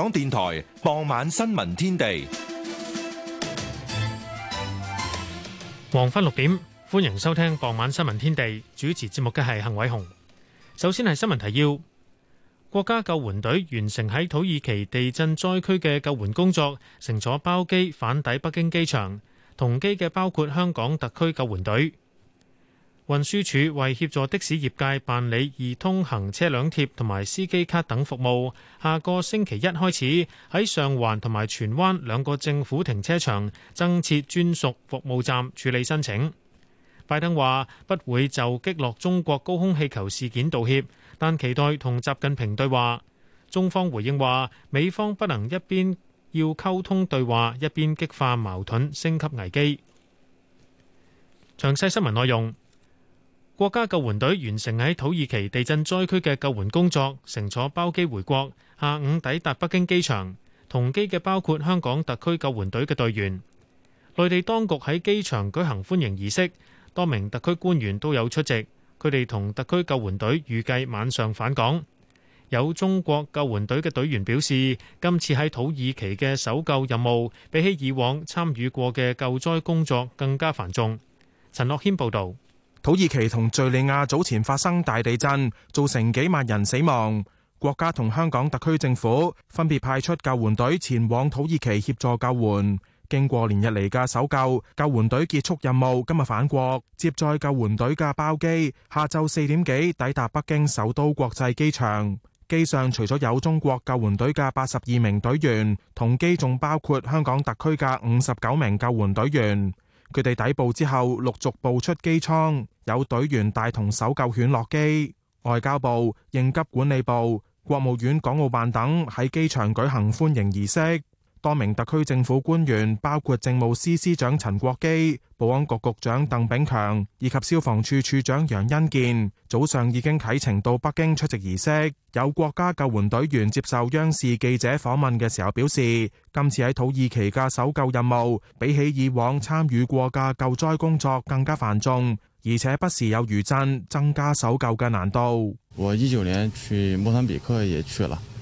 香港電台傍晚新聞天地，黃昏六點，歡迎收聽傍晚新聞天地。主持節目嘅係幸偉雄。首先係新聞提要：國家救援隊完成喺土耳其地震災區嘅救援工作，乘坐包機返抵北京機場。同機嘅包括香港特區救援隊。運輸署為協助的士業界辦理易通行車輛貼同埋司機卡等服務，下個星期一開始喺上環同埋荃灣兩個政府停車場增設專屬服務站處理申請。拜登話不會就擊落中國高空氣球事件道歉，但期待同習近平對話。中方回應話，美方不能一邊要溝通對話，一邊激化矛盾，升級危機。詳細新聞內容。國家救援隊完成喺土耳其地震災區嘅救援工作，乘坐包機回國，下午抵達北京機場。同機嘅包括香港特區救援隊嘅隊員。內地當局喺機場舉行歡迎儀式，多名特區官員都有出席。佢哋同特區救援隊預計晚上返港。有中國救援隊嘅隊員表示，今次喺土耳其嘅搜救任務比起以往參與過嘅救災工作更加繁重。陳樂軒報道。土耳其同敘利亞早前發生大地震，造成幾萬人死亡。國家同香港特區政府分別派出救援隊前往土耳其協助救援。經過連日嚟嘅搜救，救援隊結束任務，今日返國。接載救援隊嘅包機下晝四點幾抵達北京首都國際機場。機上除咗有中國救援隊嘅八十二名隊員，同機仲包括香港特區嘅五十九名救援隊員。佢哋抵埗之後，陸續步出機艙，有隊員帶同搜救犬落機。外交部、應急管理部、國務院港澳辦等喺機場舉行歡迎儀式。多名特區政府官員，包括政務司司長陳國基、保安局局長鄧炳強以及消防處處長楊恩健，早上已經啟程到北京出席儀式。有國家救援隊員接受央視記者訪問嘅時候表示，今次喺土耳其嘅搜救任務，比起以往參與過嘅救災工作更加繁重，而且不時有餘震，增加搜救嘅難度。我一九年去莫桑比克也去了。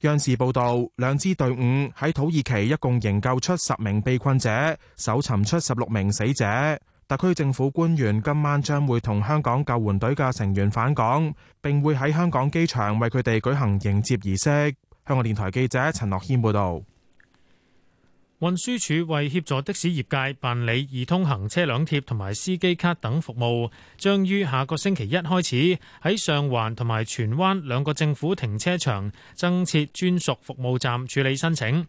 央視報道，兩支隊伍喺土耳其一共營救出十名被困者，搜尋出十六名死者。特區政府官員今晚將會同香港救援隊嘅成員返港，並會喺香港機場為佢哋舉行迎接儀式。香港電台記者陳樂謙報道。運輸署為協助的士業界辦理易通行車輛貼同埋司機卡等服務，將於下個星期一開始喺上環同埋荃灣兩個政府停車場增設專屬服務站處理申請。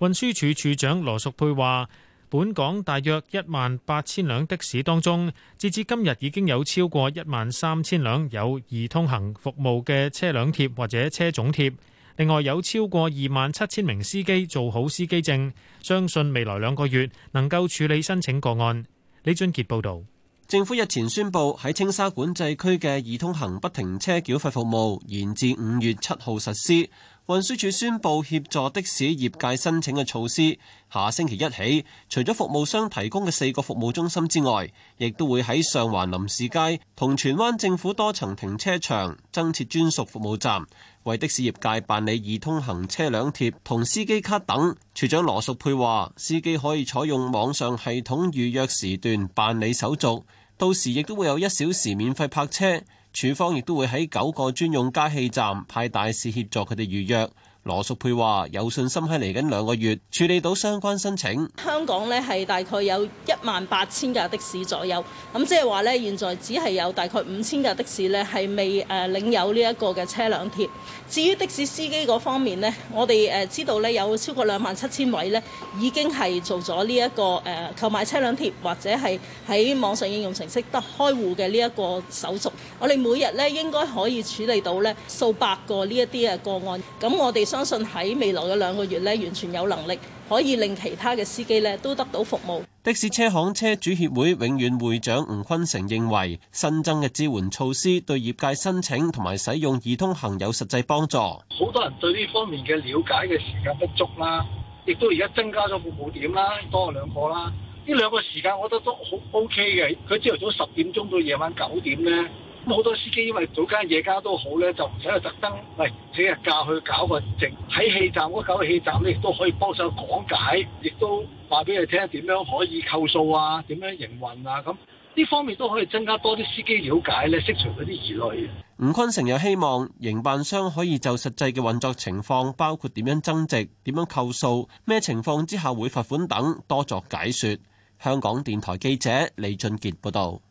運輸署，署署長羅淑佩話，本港大約一萬八千輛的士當中，截至今日已經有超過一萬三千輛有易通行服務嘅車輛貼或者車種貼。另外有超過二萬七千名司機做好司機證，相信未來兩個月能夠處理申請個案。李俊傑報導，政府日前宣布喺青沙管制區嘅易通行不停車繳費服務延至五月七號實施。運輸署宣布協助的士業界申請嘅措施，下星期一起，除咗服務商提供嘅四個服務中心之外，亦都會喺上環林士街同荃灣政府多層停車場增設專屬服務站。為的士業界辦理易通行車輛貼同司機卡等。處長羅淑佩話，司機可以採用網上系統預約時段辦理手續，到時亦都會有一小時免費泊車。處方亦都會喺九個專用加氣站派大使協助佢哋預約。羅淑佩話有信心喺嚟緊兩個月處理到相關申請。香港呢係大概有一萬八千架的士左右，咁即係話呢，現在只係有大概五千架的士呢係未誒領有呢一個嘅車輛貼。至於的士司機嗰方面呢，我哋誒知道呢有超過兩萬七千位呢已經係做咗呢一個誒購買車輛貼或者係喺網上應用程式得開戶嘅呢一個手續。我哋每日呢應該可以處理到呢數百個呢一啲嘅個案。咁我哋相信喺未來嘅兩個月咧，完全有能力可以令其他嘅司機咧都得到服務。的士車行車主協會永遠會長吳坤成認為，新增嘅支援措施對業界申請同埋使用易通行有實際幫助。好多人對呢方面嘅了解嘅時間不足啦，亦都而家增加咗服務點啦，多咗兩個啦。呢兩個時間，我覺得都好 OK 嘅。佢朝頭早十點鐘到夜晚九點咧。咁好多司機因為早間夜家都好咧，就唔使去特登，喂、哎，請日假去搞個直喺氣站嗰搞個氣站咧，亦都可以幫手講解，亦都話俾佢聽點樣可以扣數啊，點樣營運啊，咁呢方面都可以增加多啲司機了解咧，釋除嗰啲疑慮。吳坤成又希望營辦商可以就實際嘅運作情況，包括點樣增值、點樣扣數、咩情況之下會罰款等，多作解説。香港電台記者李俊傑報道。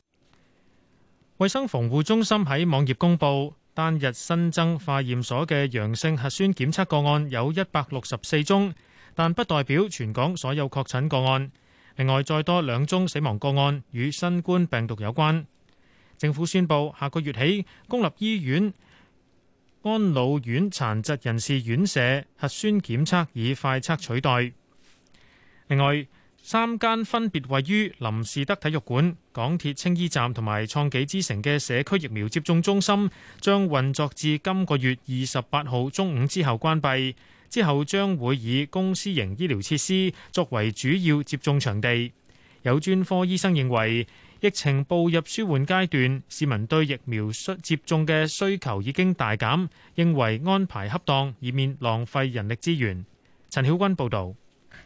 衛生防護中心喺網頁公布，單日新增化驗所嘅陽性核酸檢測個案有一百六十四宗，但不代表全港所有確診個案。另外，再多兩宗死亡個案與新冠病毒有關。政府宣布，下個月起，公立醫院、安老院、殘疾人士院舍核酸檢測以快測取代。另外。三間分別位於林士德體育館、港鐵青衣站同埋創紀之城嘅社區疫苗接種中心，將運作至今個月二十八號中午之後關閉。之後將會以公私營醫療設施作為主要接種場地。有專科醫生認為，疫情步入舒緩階段，市民對疫苗接種嘅需求已經大減，認為安排恰當，以免浪費人力資源。陳曉君報導。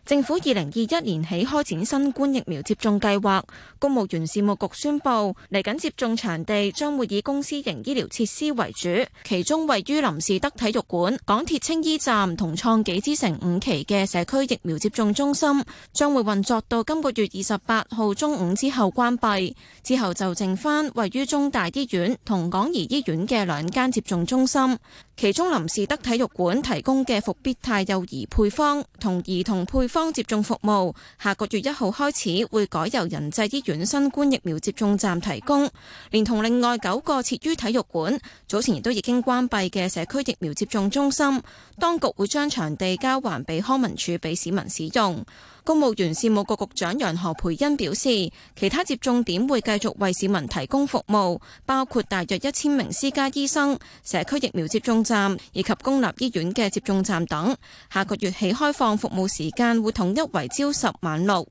政府二零二一年起開展新冠疫苗接種計劃，公務員事務局宣布，嚟緊接種場地將會以公司型醫療設施為主，其中位於林士德體育館、港鐵青衣站同創紀之城五期嘅社區疫苗接種中心，將會運作到今個月二十八號中午之後關閉，之後就剩返位於中大醫院同港怡醫院嘅兩間接種中心。其中林士德體育館提供嘅復必泰幼兒配方同兒童配方接種服務，下個月一號開始會改由仁濟醫院新冠疫苗接種站提供，連同另外九個設於體育館、早前亦都已經關閉嘅社區疫苗接種中心，當局會將場地交還俾康文署俾市民使用。公務員事務局局，局長楊何蓓茵表示，其他接種點會繼續為市民提供服務，包括大約一千名私家醫生、社區疫苗接種站以及公立醫院嘅接種站等。下個月起開放服務時間會統一為朝十晚六。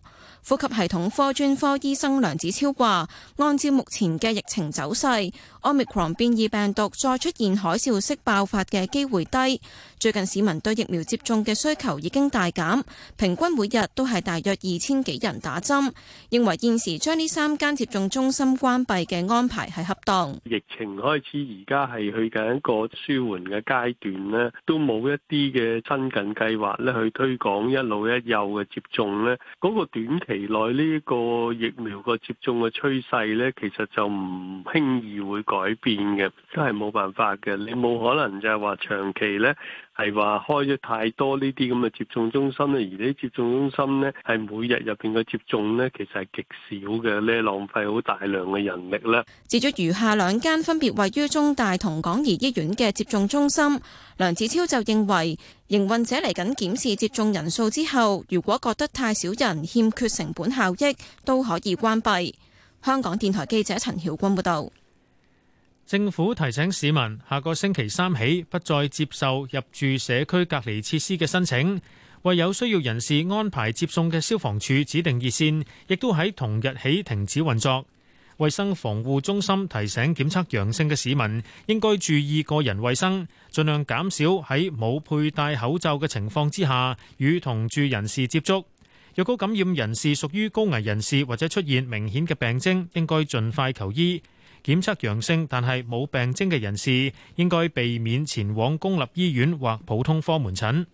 呼吸系統科專科醫生梁子超話，按照目前嘅疫情走勢，奧密克戎變異病毒再出現海嘯式爆發嘅機會低。最近市民對疫苗接種嘅需求已經大減，平均每日都係大約二千幾人打針。認為現時將呢三間接種中心關閉嘅安排係恰當。疫情開始，而家係去緊一個舒緩嘅階段呢，都冇一啲嘅親近計劃咧去推廣一老一幼嘅接種呢嗰、那個短期內呢個疫苗個接種嘅趨勢呢，其實就唔輕易會改變嘅，真係冇辦法嘅。你冇可能就係話長期呢。係話開咗太多呢啲咁嘅接種中心咧，而呢啲接種中心呢，係每日入邊嘅接種呢，其實係極少嘅，你浪費好大量嘅人力啦。至於餘下兩間分別位於中大同港怡醫院嘅接種中心，梁子超就認為，營運者嚟緊檢視接種人數之後，如果覺得太少人，欠缺成本效益，都可以關閉。香港電台記者陳曉君報道。政府提醒市民，下個星期三起不再接受入住社區隔離設施嘅申請，為有需要人士安排接送嘅消防處指定熱線亦都喺同日起停止運作。衛生防護中心提醒，檢測陽性嘅市民應該注意個人衛生，盡量減少喺冇佩戴口罩嘅情況之下與同住人士接觸。若果感染人士屬於高危人士或者出現明顯嘅病徵應該盡快求醫。檢測陽性但係冇病徵嘅人士，應該避免前往公立醫院或普通科門診。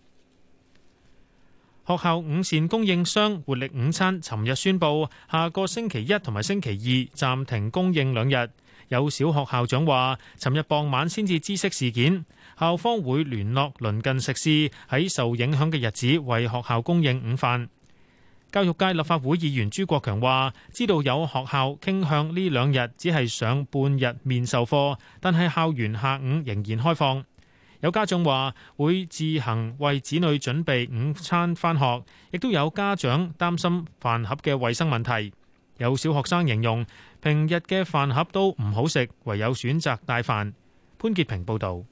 學校午膳供應商活力午餐，尋日宣布下個星期一同埋星期二暫停供應兩日。有小學校長話，尋日傍晚先至知悉事件，校方會聯絡鄰近食肆喺受影響嘅日子為學校供應午飯。教育界立法會議員朱國強話，知道有學校傾向呢兩日只係上半日面授課，但係校園下午仍然開放。有家長話會自行為子女準備午餐返學，亦都有家長擔心飯盒嘅衛生問題。有小學生形容平日嘅飯盒都唔好食，唯有選擇帶飯。潘潔平報導。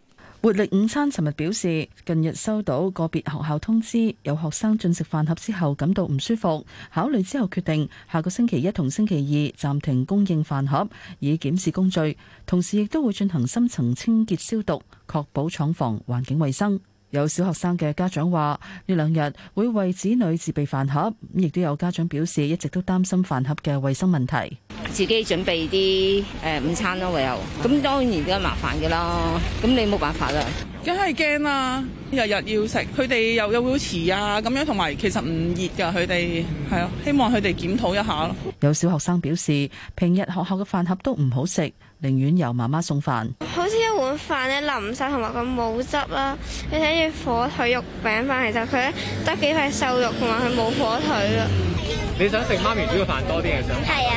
活力午餐尋日表示，近日收到個別學校通知，有學生進食飯盒之後感到唔舒服，考慮之後決定下個星期一同星期二暫停供應飯盒，以檢視工序，同時亦都會進行深層清潔消毒，確保廠房環境衞生。有小學生嘅家長話：呢兩日會為子女自備飯盒，咁亦都有家長表示一直都擔心飯盒嘅衞生問題，自己準備啲誒午餐咯，唯有咁。當然梗係麻煩㗎啦，咁你冇辦法啦，梗係驚啦，日日要食，佢哋又又會遲啊，咁樣同埋其實唔熱噶，佢哋係啊，希望佢哋檢討一下咯。有小學生表示，平日學校嘅飯盒都唔好食。寧願由媽媽送飯，好似一碗飯咧淋晒，同埋佢冇汁啦。你睇住火腿肉餅飯，其實佢咧得幾塊瘦肉，同埋佢冇火腿咯。你想食媽咪煮嘅飯多啲定係想？係啊。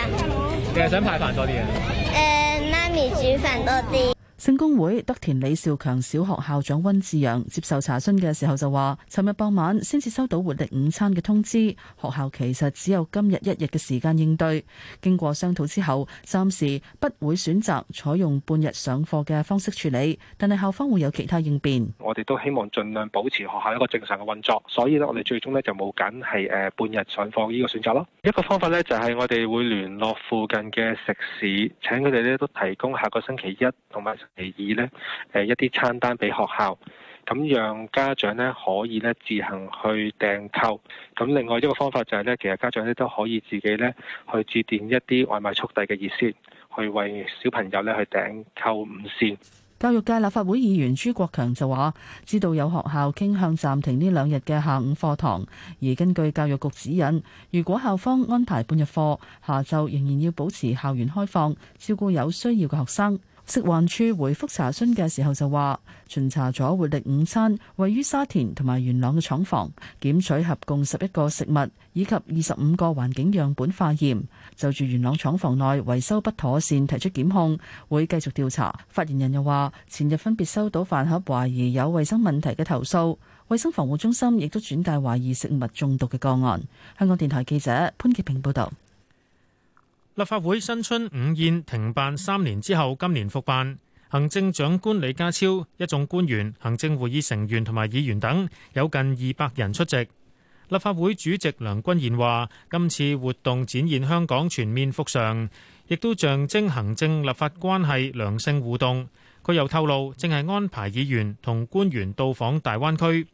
你係想派飯多啲啊？誒、呃，媽咪煮飯多啲。政工會德田李兆強小學校長溫志陽，接受查詢嘅時候就話，尋日傍晚先至收到活力午餐嘅通知，學校其實只有今日一日嘅時間應對。經過商討之後，暫時不會選擇採用半日上課嘅方式處理，但係校方會有其他應變。我哋都希望盡量保持學校一個正常嘅運作，所以呢，我哋最終呢就冇緊係誒、半日上課呢個選擇咯。一個方法呢，就係我哋會聯絡附近嘅食肆，請佢哋呢都提供下個星期一同埋。其二呢，誒一啲餐單俾學校，咁讓家長呢可以呢自行去訂購。咁另外一個方法就係呢，其實家長呢都可以自己呢去致電一啲外賣速遞嘅熱線，去為小朋友呢去訂購午膳。教育界立法會議員朱國強就話，知道有學校傾向暫停呢兩日嘅下午課堂，而根據教育局指引，如果校方安排半日課，下晝仍然要保持校園開放，照顧有需要嘅學生。食環署回覆查詢嘅時候就話，巡查咗活力午餐位於沙田同埋元朗嘅廠房，檢取合共十一個食物以及二十五個環境樣本化驗。就住元朗廠房內維修不妥善，提出檢控，會繼續調查。發言人又話，前日分別收到飯盒懷疑有衛生問題嘅投訴，衛生防護中心亦都轉介懷疑食物中毒嘅個案。香港電台記者潘潔平報道。立法會新春午宴停辦三年之後，今年復辦。行政長官李家超、一眾官員、行政會議成員同埋議員等有近二百人出席。立法會主席梁君彥話：今次活動展現香港全面復常，亦都象徵行政立法關係良性互動。佢又透露，正係安排議員同官員到訪大灣區。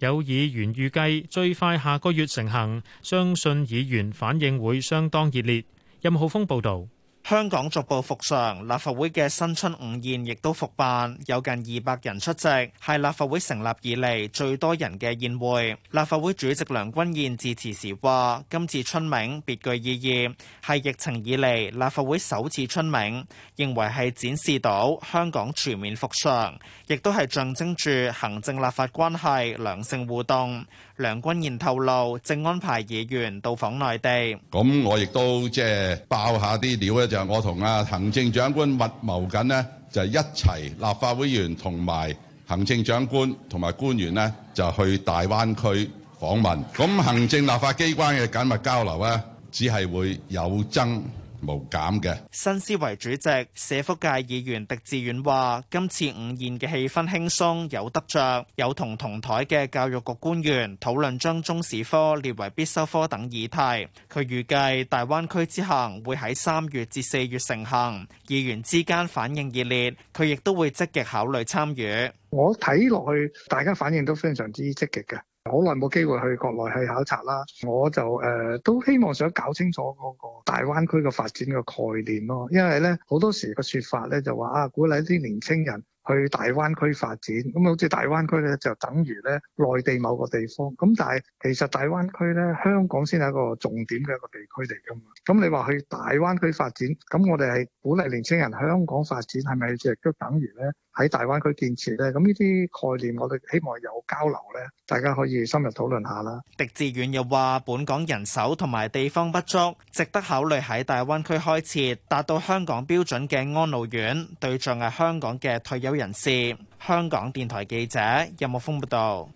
有議員預計最快下個月成行，相信議員反應會相當熱烈。任浩峰報道：香港逐步復常，立法會嘅新春午宴亦都復辦，有近二百人出席，係立法會成立以嚟最多人嘅宴會。立法會主席梁君彥致辭時話：今次春茗別具意義，係疫情以嚟立法會首次春茗，認為係展示到香港全面復常，亦都係象徵住行政立法關係良性互動。梁君彥透露正安排議員到訪內地，咁 我亦都即係爆一下啲料咧，就係、是、我同啊行政長官密謀緊呢就是、一齊立法會議員同埋行政長官同埋官員呢就去大灣區訪問。咁行政立法機關嘅緊密交流咧，只係會有增。無減嘅新思維主席社福界議員狄志遠話：今次午宴嘅氣氛輕鬆，有得着。有同同台嘅教育局官員討論將中史科列為必修科等議題。佢預計大灣區之行會喺三月至四月成行，議員之間反應熱烈，佢亦都會積極考慮參與。我睇落去，大家反應都非常之積極嘅。好耐冇機會去國內去考察啦，我就誒、呃、都希望想搞清楚嗰個大灣區嘅發展嘅概念咯，因為咧好多時個說法咧就話啊鼓勵啲年青人去大灣區發展，咁好似大灣區咧就等於咧內地某個地方，咁但係其實大灣區咧香港先係一個重點嘅一個地區嚟噶嘛，咁你話去大灣區發展，咁我哋係鼓勵年青人香港發展係咪就都等於咧？喺大灣區建設呢，咁呢啲概念，我哋希望有交流呢，大家可以深入討論下啦。狄志遠又話：本港人手同埋地方不足，值得考慮喺大灣區開設達到香港標準嘅安老院，對象係香港嘅退休人士。香港電台記者任木峯報導。有有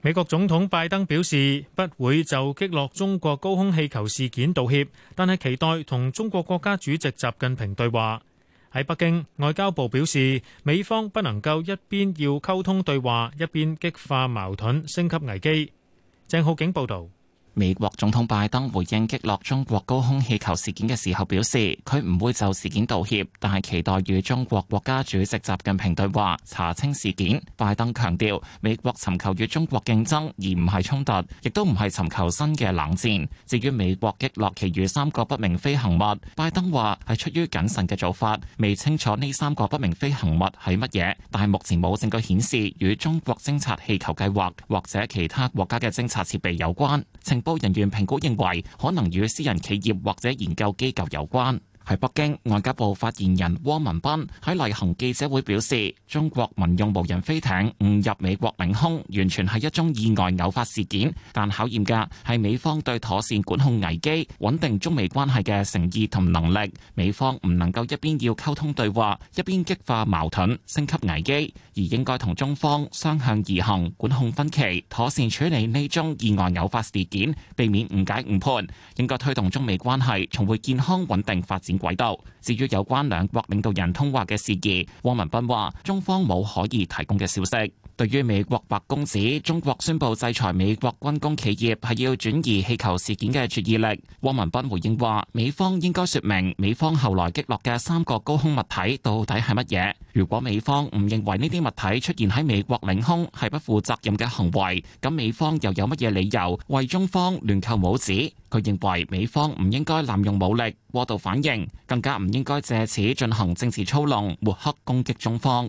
美國總統拜登表示，不會就擊落中國高空氣球事件道歉，但係期待同中國國家主席習近平對話。喺北京，外交部表示，美方不能夠一邊要溝通對話，一邊激化矛盾，升級危機。鄭浩景報道。美國總統拜登回應擊落中國高空氣球事件嘅時候，表示佢唔會就事件道歉，但係期待與中國國家主席習近平對話，查清事件。拜登強調，美國尋求與中國競爭而唔係衝突，亦都唔係尋求新嘅冷戰。至於美國擊落其餘三個不明飛行物，拜登話係出於謹慎嘅做法，未清楚呢三個不明飛行物係乜嘢，但係目前冇證據顯示與中國偵察氣球計劃或者其他國家嘅偵察設備有關。情報人員評估認為，可能與私人企業或者研究機構有關。喺北京，外交部發言人汪文斌喺例行記者會表示：中國民用無人飛艇誤入美國領空，完全係一宗意外偶發事件。但考驗嘅係美方對妥善管控危機穩定中美關係嘅誠意同能力。美方唔能夠一邊要溝通對話一邊激化矛盾、升級危機，而應該同中方相向而行，管控分歧，妥善處理呢宗意外偶發事件，避免誤解誤判。應該推動中美關係重回健康穩定發展。軌道。至於有關兩國領導人通話嘅事宜，汪文斌話：中方冇可以提供嘅消息。對於美國白宮指，中國宣布制裁美國軍工企業係要轉移氣球事件嘅注意力。汪文斌回應話，美方應該說明美方後來擊落嘅三個高空物體到底係乜嘢。如果美方唔認為呢啲物體出現喺美國領空係不負責任嘅行為，咁美方又有乜嘢理由為中方亂扣帽子？佢認為美方唔應該濫用武力、過度反應，更加唔應該借此進行政治操弄、抹黑攻擊中方。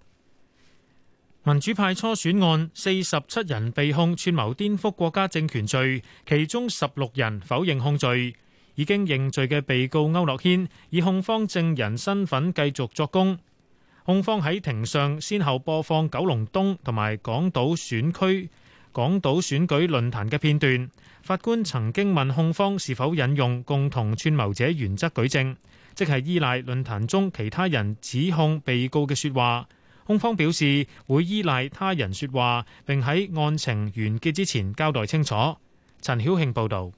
民主派初選案，四十七人被控串謀顛覆國家政權罪，其中十六人否認控罪。已經認罪嘅被告區諾軒以控方證人身份繼續作供。控方喺庭上先後播放九龍東同埋港島選區港島選舉論壇嘅片段。法官曾經問控方是否引用共同串謀者原則舉證，即係依賴論壇中其他人指控被告嘅說話。控方表示會依賴他人說話，並喺案情完結之前交代清楚。陳曉慶報道。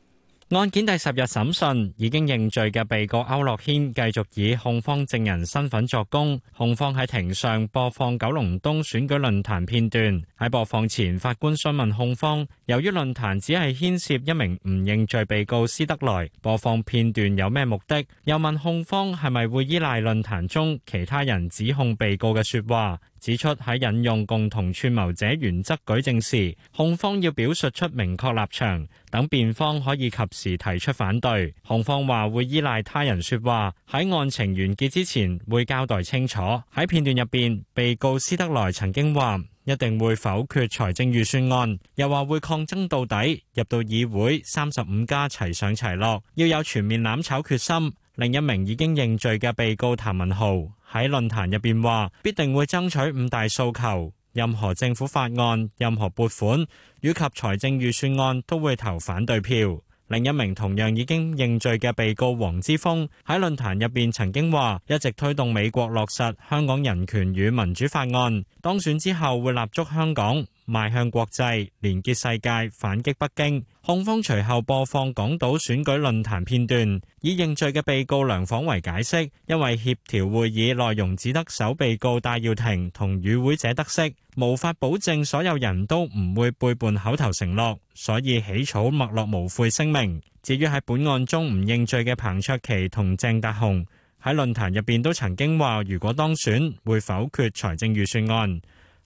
案件第十日審訊，已經認罪嘅被告歐樂軒繼續以控方證人身份作供。控方喺庭上播放九龍東選舉論壇片段。喺播放前，法官詢問控方，由於論壇只係牽涉一名唔認罪被告施德來，播放片段有咩目的？又問控方係咪會依賴論壇中其他人指控被告嘅說話？指出喺引用共同串謀者原則舉證時，控方要表述出明確立場，等辯方可以及時提出反對。控方話會依賴他人說話，喺案情完結之前會交代清楚。喺片段入邊，被告施德來曾經話一定會否決財政預算案，又話會抗爭到底，入到議會三十五加齊上齊落，要有全面攬炒決心。另一名已經認罪嘅被告譚文豪喺論壇入邊話，必定會爭取五大訴求，任何政府法案、任何撥款以及財政預算案都會投反對票。另一名同樣已經認罪嘅被告黃之鋒喺論壇入邊曾經話，一直推動美國落實香港人權與民主法案，當選之後會立足香港。邁向國際，連結世界，反擊北京。控方隨後播放港島選舉論壇片段，以認罪嘅被告梁訪為解釋，因為協調會議內容只得首被告戴耀廷同與會者得悉，無法保證所有人都唔會背叛口頭承諾，所以起草墨落無悔聲明。至於喺本案中唔認罪嘅彭卓棋同鄭達鴻，喺論壇入邊都曾經話，如果當選會否決財政預算案。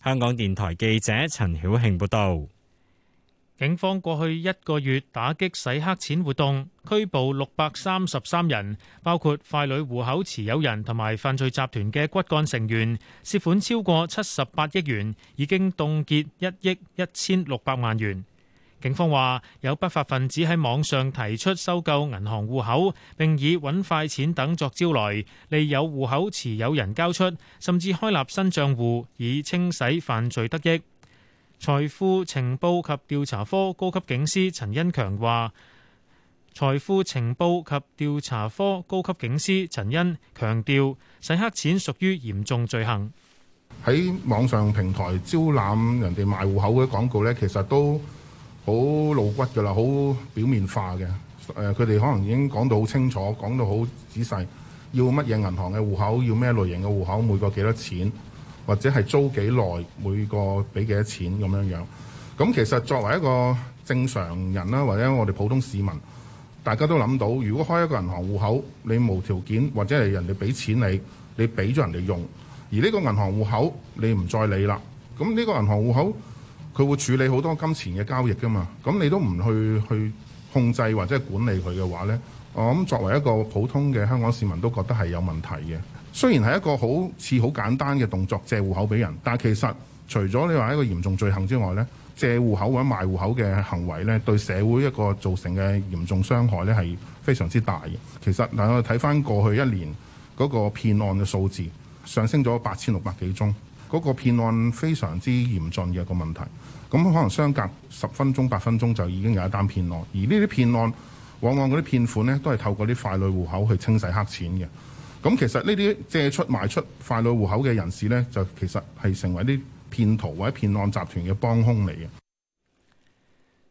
香港電台記者陳曉慶報道，警方過去一個月打擊洗黑錢活動，拘捕六百三十三人，包括傀儡戶口持有人同埋犯罪集團嘅骨幹成員，涉款超過七十八億元，已經凍結一億一千六百萬元。警方話有不法分子喺網上提出收購銀行戶口，並以揾快錢等作招來，利有戶口持有人交出，甚至開立新賬戶以清洗犯罪得益。財富情報及調查科高級警司陳恩強話，財富情報及調查科高級警司陳恩強調，洗黑錢屬於嚴重罪行。喺網上平台招攬人哋賣戶口嘅啲廣告呢，其實都好露骨㗎啦，好表面化嘅。誒、呃，佢哋可能已經講到好清楚，講到好仔細，要乜嘢銀行嘅戶口，要咩類型嘅戶口，每個幾多錢，或者係租幾耐，每個俾幾多錢咁樣樣。咁、嗯、其實作為一個正常人啦，或者我哋普通市民，大家都諗到，如果開一個銀行戶口，你無條件或者係人哋俾錢你，你俾咗人哋用，而呢個銀行戶口你唔再理啦。咁呢個銀行戶口。佢會處理好多金錢嘅交易㗎嘛，咁你都唔去去控制或者管理佢嘅話呢，我諗作為一個普通嘅香港市民都覺得係有問題嘅。雖然係一個好似好簡單嘅動作，借戶口俾人，但其實除咗你話一個嚴重罪行之外呢，借戶口或者賣戶口嘅行為呢，對社會一個造成嘅嚴重傷害呢，係非常之大嘅。其實嗱，我睇翻過去一年嗰個騙案嘅數字上升咗八千六百幾宗。嗰個騙案非常之嚴重嘅一個問題，咁可能相隔十分鐘、八分鐘就已經有一單騙案，而呢啲騙案往往嗰啲騙款呢，都係透過啲傀儡戶口去清洗黑錢嘅。咁其實呢啲借出、賣出傀儡戶口嘅人士呢，就其實係成為啲騙徒或者騙案集團嘅幫凶嚟嘅。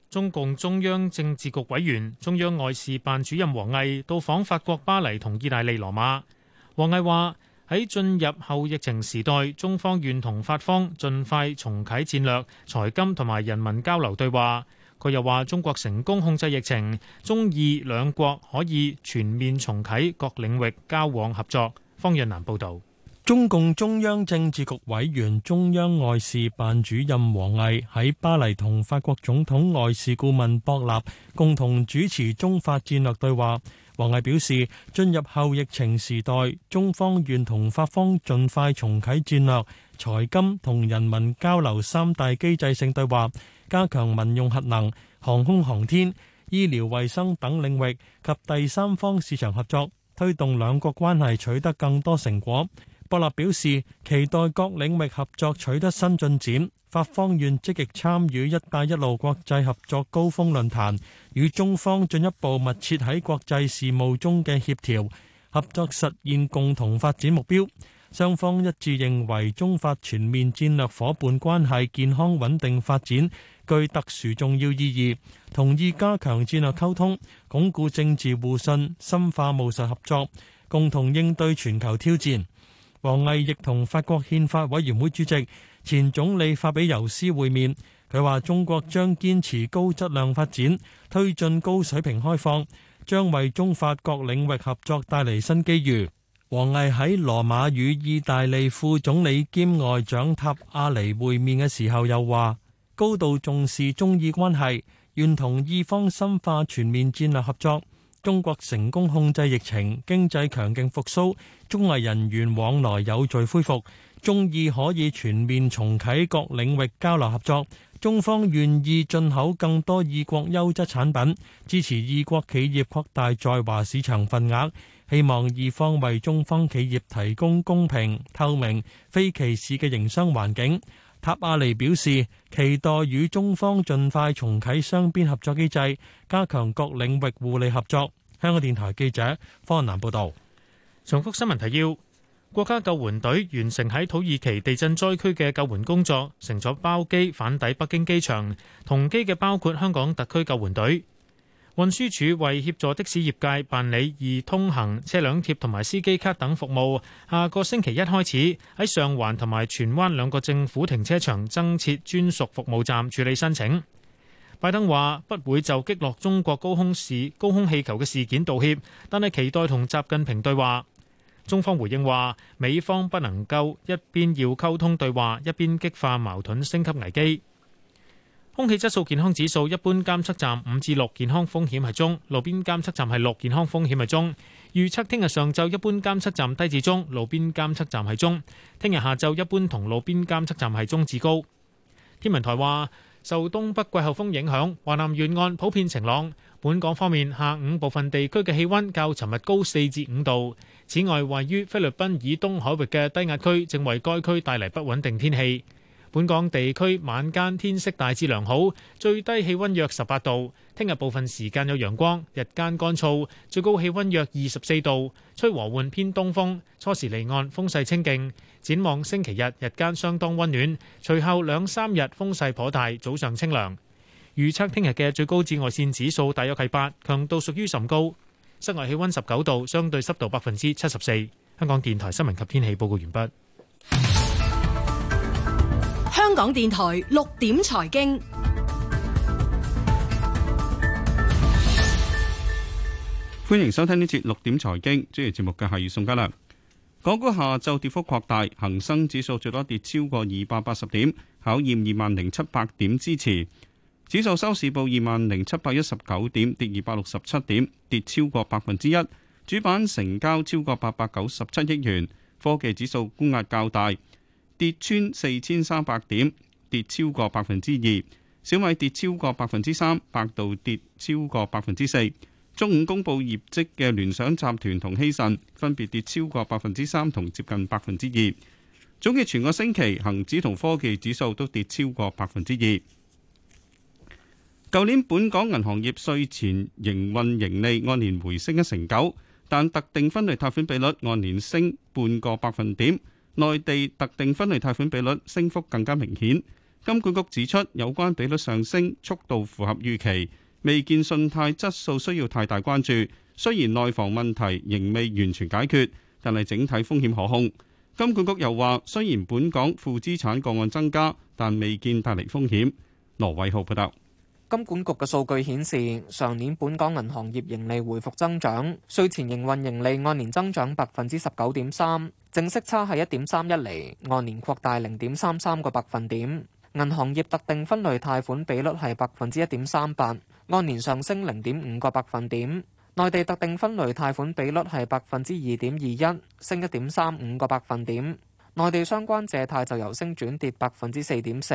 中共中央政治局委員、中央外事辦主任王毅到訪法國巴黎同意大利羅馬。王毅話。喺進入後疫情時代，中方願同法方盡快重啟戰略、財金同埋人文交流對話。佢又話：中國成功控制疫情，中意兩國可以全面重啟各領域交往合作。方日南報導。中共中央政治局委員、中央外事辦主任王毅喺巴黎同法國總統外事顧問博納共同主持中法戰略對話。王毅表示，進入後疫情時代，中方願同法方盡快重啟戰略、財金同人民交流三大機制性對話，加強民用核能、航空航天、醫療衛生等領域及第三方市場合作，推動兩國關係取得更多成果。博納表示，期待各領域合作取得新進展。法方願積極參與「一帶一路」國際合作高峰論壇，與中方進一步密切喺國際事務中嘅協調合作，實現共同發展目標。雙方一致認為中法全面戰略夥伴關係健康穩定發展具特殊重要意義，同意加強戰略溝通，鞏固政治互信，深化務實合作，共同應對全球挑戰。王毅亦同法國憲法委員會主席、前總理法比尤斯會面，佢話中國將堅持高質量發展，推進高水平開放，將為中法各領域合作帶嚟新機遇。王毅喺羅馬與意大利副總理兼外長塔阿尼會面嘅時候又話，高度重視中意關係，願同意方深化全面戰略合作。中國成功控制疫情，經濟強勁復蘇，中意人員往來有序恢複，中意可以全面重啟各領域交流合作。中方願意進口更多意國優質產品，支持意國企業擴大在華市場份額，希望意方為中方企業提供公平、透明、非歧視嘅營商環境。塔亞尼表示，期待與中方盡快重啟雙邊合作機制，加強各領域互利合作。香港電台記者方南報道，重複新聞提要：國家救援隊完成喺土耳其地震災區嘅救援工作，乘坐包機返抵北京機場。同機嘅包括香港特區救援隊。運輸署為協助的士業界辦理易通行車輛貼同埋司機卡等服務，下個星期一開始喺上環同埋荃灣兩個政府停車場增設專屬服務站處理申請。拜登話不會就擊落中國高空市高空氣球嘅事件道歉，但係期待同習近平對話。中方回應話，美方不能夠一邊要溝通對話，一邊激化矛盾、升級危機。空氣質素健康指數，一般監測站五至六，健康風險係中；路邊監測站係六，健康風險係中。預測聽日上晝一般監測站低至中，路邊監測站係中；聽日下晝一般同路邊監測站係中至高。天文台話，受東北季候風影響，華南沿岸普遍晴朗。本港方面，下午部分地區嘅氣溫較尋日高四至五度。此外，位於菲律賓以東海域嘅低壓區正為該區帶嚟不穩定天氣。本港地區晚間天色大致良好，最低氣温約十八度。聽日部分時間有陽光，日間乾燥，最高氣温約二十四度，吹和緩偏東風。初時離岸風勢清勁。展望星期日，日間相當温暖，隨後兩三日風勢頗大，早上清涼。預測聽日嘅最高紫外線指數大約係八，強度屬於甚高。室外氣温十九度，相對濕度百分之七十四。香港電台新聞及天氣報告完畢。港電台六點財經，歡迎收聽呢節六點財經。主持節目嘅係宋嘉良。港股下晝跌幅擴大，恒生指數最多跌超過二百八十點，考驗二萬零七百點支持。指數收市報二萬零七百一十九點，跌二百六十七點，跌超過百分之一。主板成交超過八百九十七億元，科技指數沽壓較大。跌穿四千三百點，跌超過百分之二。小米跌超過百分之三，百度跌超過百分之四。中午公布業績嘅聯想集團同希慎，分別跌超過百分之三同接近百分之二。總結全個星期，恒指同科技指數都跌超過百分之二。舊年本港銀行業稅前營運盈利按年回升一成九，但特定分類貸款比率按年升半個百分點。內地特定分類貸款比率升幅更加明顯，金管局指出有關比率上升速度符合預期，未見信貸質素需要太大關注。雖然內房問題仍未完全解決，但係整體風險可控。金管局又話，雖然本港負資產個案增加，但未見帶嚟風險。羅偉浩報道。金管局嘅數據顯示，上年本港銀行業盈利回復增長，稅前營運盈利按年增長百分之十九點三，淨息差係一點三一厘，按年擴大零點三三個百分點，銀行業特定分類貸款比率係百分之一點三八，按年上升零點五個百分點，內地特定分類貸款比率係百分之二點二一，升一點三五個百分點，內地相關借貸就由升轉跌百分之四點四。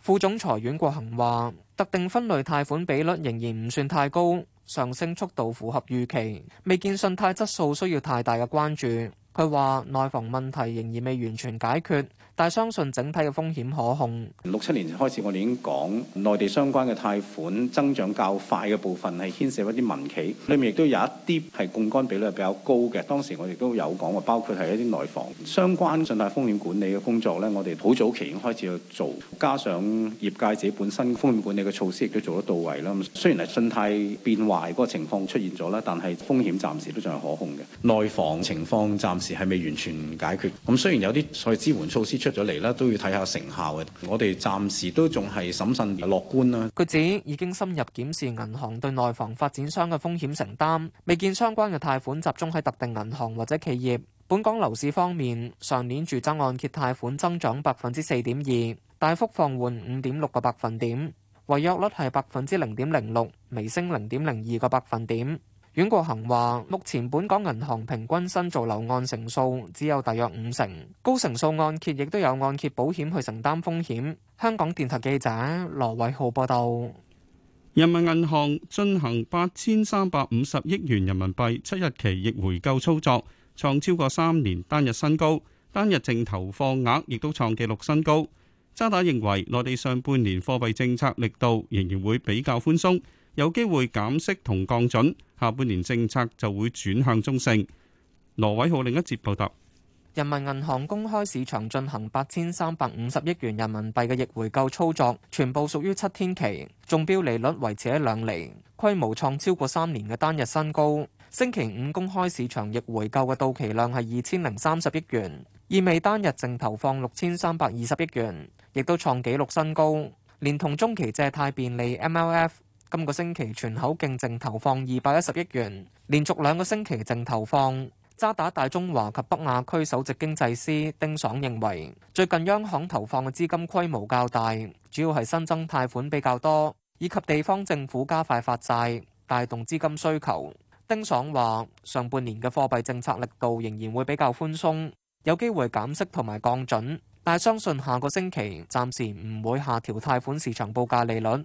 副總裁阮國恒話。特定分類貸款比率仍然唔算太高，上升速度符合預期，未見信貸質素需要太大嘅關注。佢話內房問題仍然未完全解決。但係相信整體嘅風險可控。六七年開始，我哋已經講內地相關嘅貸款增長較快嘅部分係牽涉一啲民企，裏面亦都有一啲係槓桿比率比較高嘅。當時我哋都有講過，包括係一啲內房相關信貸風險管理嘅工作咧，我哋好早期已經開始去做，加上業界自己本身風險管理嘅措施亦都做得到位啦。雖然係信貸變壞嗰個情況出現咗啦，但係風險暫時都仲係可控嘅。內房情況暫時係未完全解決，咁雖然有啲所謂支援措施，出咗嚟啦，都要睇下成效嘅。我哋暫時都仲係審慎樂觀啦。佢指已經深入檢視銀行對內房發展商嘅風險承擔，未見相關嘅貸款集中喺特定銀行或者企業。本港樓市方面，上年住宅按揭貸款增長百分之四點二，大幅放緩五點六個百分點，違約率係百分之零點零六，微升零點零二個百分點。阮國恒話：目前本港銀行平均新造樓按成數只有大約五成，高成數按揭亦都有按揭保險去承擔風險。香港電台記者羅偉浩報道。人民銀行進行八千三百五十億元人民幣七日期逆回購操作，創超過三年單日新高，單日淨投放額亦都創紀錄新高。渣打認為，內地上半年貨幣政策力度仍然會比較寬鬆。有機會減息同降準，下半年政策就會轉向中性。羅偉浩另一節報道。人民銀行公開市場進行八千三百五十億元人民幣嘅逆回購操作，全部屬於七天期，中標利率維持喺兩厘，規模創超過三年嘅單日新高。星期五公開市場逆回購嘅到期量係二千零三十億元，意味單日淨投放六千三百二十億元，亦都創紀錄新高。連同中期借貸便利 MLF。今個星期全口徑淨投放二百一十億元，連續兩個星期淨投放。渣打大中華及北亞區首席經濟師丁爽認為，最近央行投放嘅資金規模較大，主要係新增貸款比較多，以及地方政府加快發債，帶動資金需求。丁爽話，上半年嘅貨幣政策力度仍然會比較寬鬆，有機會減息同埋降準，但係相信下個星期暫時唔會下調貸款市場報價利率。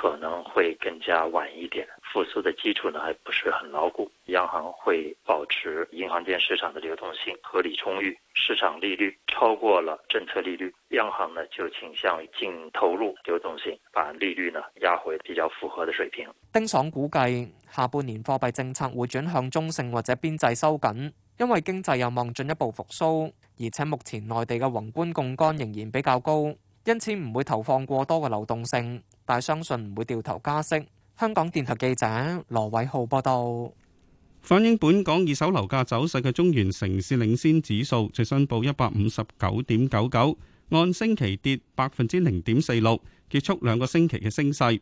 可能會更加晚一點，復甦的基礎呢，還不是很牢固。央行會保持銀行間市場的流動性合理充裕。市場利率超過了政策利率，央行呢就傾向於淨投入流動性，把利率呢壓回比較符合的水平。丁爽估計，下半年貨幣政策會轉向中性或者邊際收緊，因為經濟有望進一步復甦，而且目前內地嘅宏觀槓桿仍然比較高，因此唔會投放過多嘅流動性。但相信唔會掉頭加息。香港電台記者羅偉浩報道。反映本港二手樓價走勢嘅中原城市領先指數最新報一百五十九點九九，按星期跌百分之零點四六，結束兩個星期嘅升勢。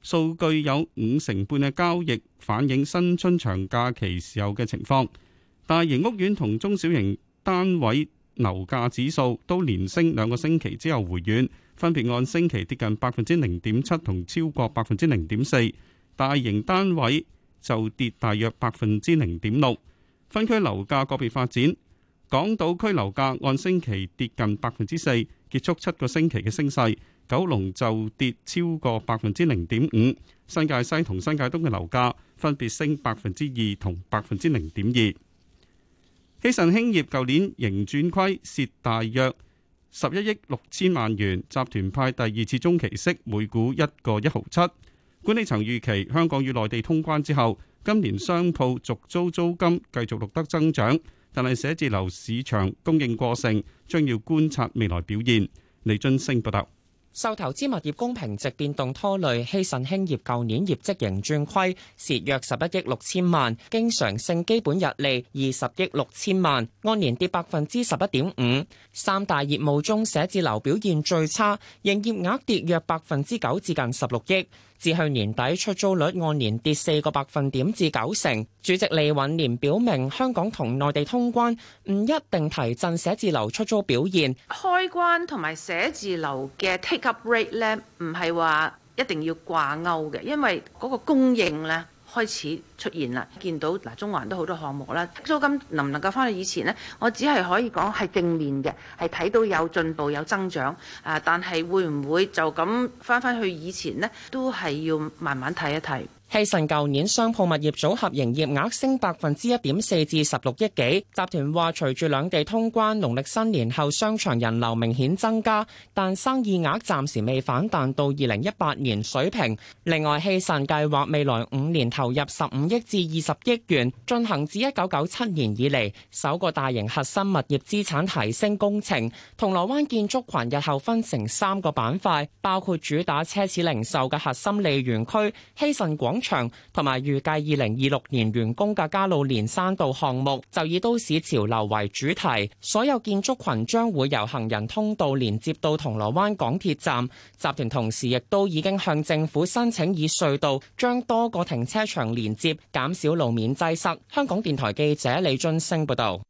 數據有五成半嘅交易反映新春長假期時候嘅情況。大型屋苑同中小型單位樓價指數都連升兩個星期之後回軟。分別按星期跌近百分之零點七同超過百分之零點四，大型單位就跌大約百分之零點六。分區樓價個別發展，港島區樓價按星期跌近百分之四，結束七個星期嘅升勢。九龍就跌超過百分之零點五，新界西同新界東嘅樓價分別升百分之二同百分之零點二。希慎興業舊年盈轉虧，蝕大約十一億六千萬元，集團派第二次中期息，每股一個一毫七。管理層預期香港與內地通關之後，今年商鋪續租租金繼續錄得增長，但係寫字樓市場供應過剩，將要觀察未來表現。李津星報道。受投資物業公平值變動拖累，希慎興業舊年業績盈轉虧，蝕約十一億六千萬，經常性基本溢利二十億六千萬，按年跌百分之十一點五。三大業務中，寫字樓表現最差，營業額跌約百分之九至近十六億。，至去年底出租率按年跌四個百分點至九成。主席利蘊蓮表明，香港同內地通關唔一定提振寫字樓出租表現。開關同埋寫字樓嘅 take up rate 咧，唔係話一定要掛鈎嘅，因為嗰個供應咧開始出現啦，見到嗱，中環都好多項目啦。租金能唔能夠翻去以前呢？我只係可以講係正面嘅，係睇到有進步有增長啊！但係會唔會就咁翻翻去以前呢？都係要慢慢睇一睇。希慎舊年商鋪物業組合營業額升百分之一點四至十六億幾，集團話隨住兩地通關，農曆新年後商場人流明顯增加，但生意額暫時未反彈到二零一八年水平。另外，希慎計劃未來五年投入十五億至二十億元，進行自一九九七年以嚟首個大型核心物業資產提升工程。銅鑼灣建築群日後分成三個板塊，包括主打奢侈零售嘅核心利園區，希慎廣場同埋預計二零二六年完工嘅加路連山道項目，就以都市潮流為主題，所有建築群將會由行人通道連接到銅鑼灣港鐵站。集團同時亦都已經向政府申請以隧道將多個停車場連接，減少路面擠塞。香港電台記者李俊升報道。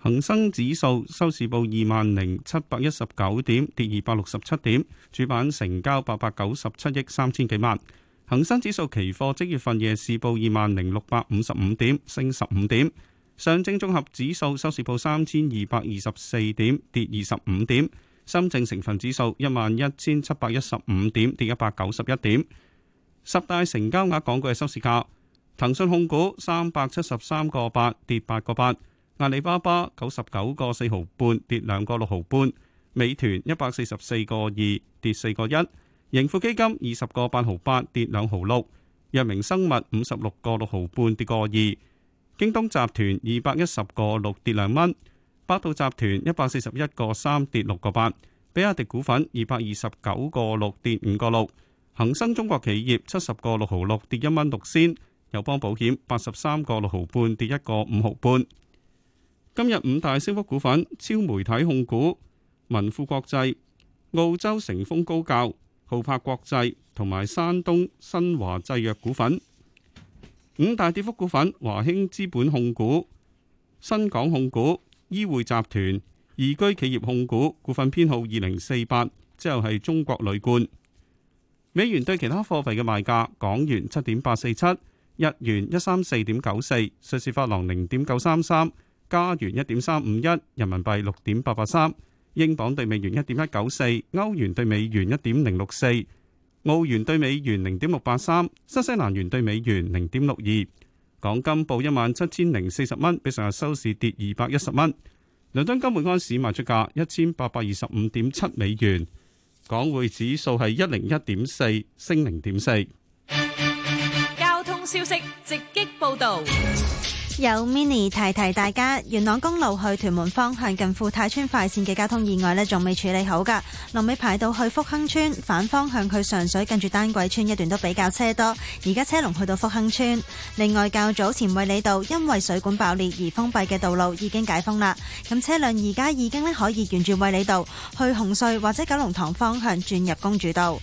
恒生指數收市報二萬零七百一十九點，跌二百六十七點，主板成交八百九十七億三千幾萬。恒生指數期貨即月份夜市報二萬零六百五十五點，升十五點。上證綜合指數收市報三千二百二十四點，跌二十五點。深證成分指數一萬一千七百一十五點，跌一百九十一點。十大成交額港股嘅收市價：騰訊控股三百七十三個八，跌八個八；阿里巴巴九十九個四毫半，跌兩個六毫半；美團一百四十四個二，跌四個一。盈富基金二十個八毫八跌兩毫六，藥明生物五十六個六毫半跌個二，京東集團二百一十個六跌兩蚊，百度集團一百四十一個三跌六個八，比亞迪股份二百二十九個六跌五個六，恒生中國企業七十個六毫六跌一蚊六仙，友邦保險八十三個六毫半跌一個五毫半。今日五大升幅股份：超媒體控股、民富國際、澳洲成峰高教。浩發國際同埋山東新華製藥股份。五大跌幅股份：華興資本控股、新港控股、醫匯集團、宜居企業控股股份編號二零四八，之後係中國鋁罐。美元對其他貨幣嘅賣價：港元七點八四七，日元一三四點九四，瑞士法郎零點九三三，加元一點三五一，人民幣六點八八三。英鎊兌美元一點一九四，歐元兌美元一點零六四，澳元兌美元零點六八三，新西蘭元兌美元零點六二。港金報一萬七千零四十蚊，比上日收市跌二百一十蚊。倫敦金每安士賣出價一千八百二十五點七美元。港匯指數係一零一點四，升零點四。交通消息直擊報道。有 mini 提提大家，元朗公路去屯門方向近富泰村快綫嘅交通意外咧，仲未處理好噶。龍尾排到去福亨村反方向去上水，近住丹桂村一段都比較車多。而家車龍去到福亨村。另外，較早前衛理道因為水管爆裂而封閉嘅道路已經解封啦。咁車輛而家已經咧可以沿住衛理道去紅隧或者九龍塘方向轉入公主道。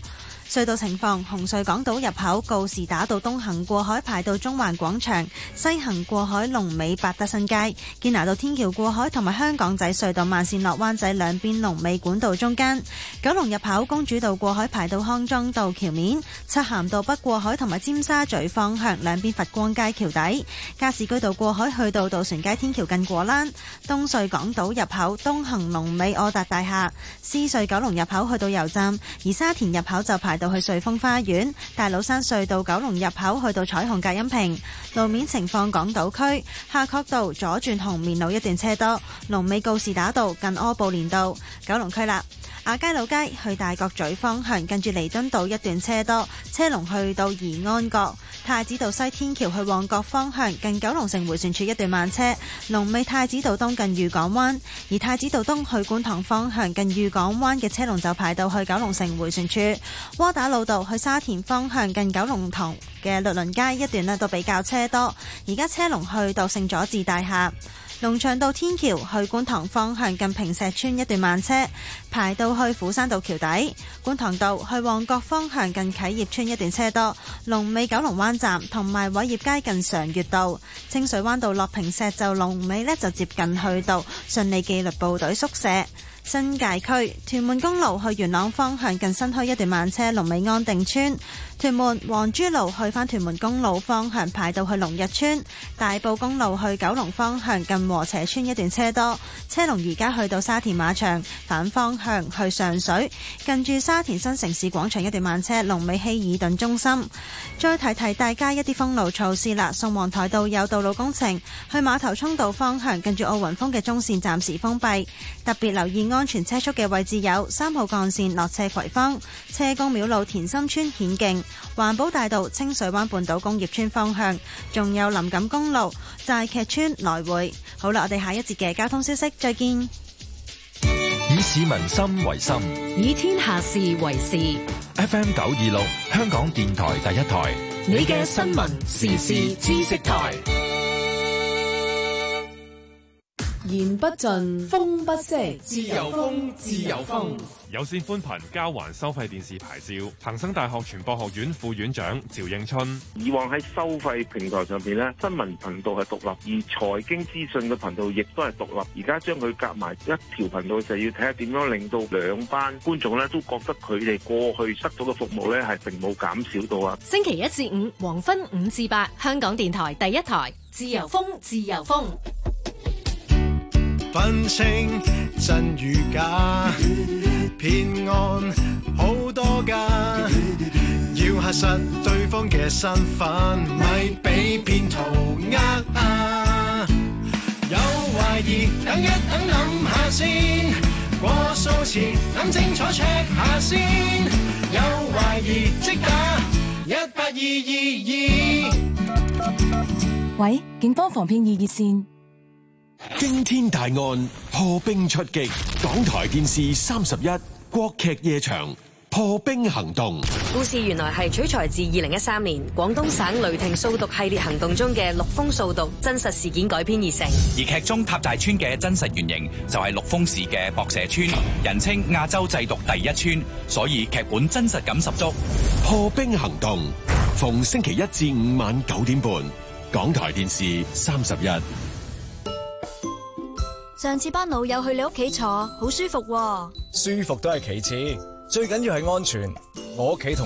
隧道情況：紅隧港島入口告士打道東行過海排到中環廣場，西行過海龍尾百德新街；堅拿道天橋過海同埋香港仔隧道慢線落灣仔兩邊龍尾管道中間。九龍入口公主道過海排到康莊道橋面，漆咸道北過海同埋尖沙咀方向兩邊佛光街橋底。加士居道過海去到渡船街天橋近果欄。東隧港島入口東行龍尾柯達大廈，獅隧九龍入口去到油站，而沙田入口就排。到去瑞豐花園，大老山隧道九龍入口，去到彩虹隔音屏路面情況，港島區夏慤道左轉紅棉路一段車多，龍尾告士打道近柯布連道，九龍區啦。亞皆老街去大角咀方向，近住彌敦道一段車多，車龍去到宜安閣。太子道西天橋去旺角方向，近九龍城迴旋處一段慢車，龍尾太子道東近御港灣，而太子道東去觀塘方向近御港灣嘅車龍就排到去九龍城迴旋處。窩打老道去沙田方向近九龍塘嘅律倫街一段呢都比較車多，而家車龍去到聖佐治大廈，龍翔道天橋去觀塘方向近坪石邨一段慢車排到去斧山道橋底，觀塘道去旺角方向近啟業村一段車多，龍尾九龍灣站同埋偉業街近常悅道，清水灣道落坪石就龍尾呢，就接近去到順利紀律部隊宿舍。新界區屯門公路去元朗方向近新墟一段慢車，龍尾安定村。屯門黃珠路去返屯門公路方向排到去龍日村，大埔公路去九龍方向近和斜村一段車多，車龍而家去到沙田馬場反方向去上水，近住沙田新城市廣場一段慢車，龍尾希爾頓中心。再提提大家一啲封路措施啦，送往台道有道路工程，去碼頭涌道方向近住奧運峰嘅中綫暫時封閉，特別留意安全車速嘅位置有三號幹綫落斜葵芳，車公廟路田心村顯徑。環保大道清水灣半島工業村方向，仲有林錦公路寨劇、就係、村來回。好啦，我哋下一節嘅交通消息，再見。以市民心為心，以天下事為事。FM 九二六，香港電台第一台，你嘅新聞時事知識台。言不盡，風不息，自由風，自由風。有線寬頻交還收費電視牌照，恒生大學傳播學院副院長趙應春。以往喺收費平台上邊呢，新聞頻道係獨立，而財經資訊嘅頻道亦都係獨立。而家將佢夾埋一條頻道，就要睇下點樣令到兩班觀眾呢都覺得佢哋過去得到嘅服務呢係並冇減少到啊。星期一至五，黃昏五至八，香港電台第一台，自由風，自由風。分清真與假，騙案好多㗎， 要核實對方嘅身份，咪俾騙徒呃啊！ 有懷疑，等一等諗下先，過數前諗清楚 check 下先，有懷疑即打一八二二二。喂，警方防騙易熱線。驚天大案破冰出擊，港台電視三十一國劇夜場破冰行動。故事原來係取材自二零一三年廣東省雷霆掃毒系列行動中嘅陸豐掃毒，真實事件改編而成。而劇中塔寨村嘅真實原型就係陸豐市嘅博社村，人稱亞洲製毒第一村，所以劇本真實感十足。破冰行動，逢星期一至五晚九點半，港台電視三十一。上次班老友去你屋企坐，好舒服、啊、舒服都係其次，最緊要係安全。我屋企同。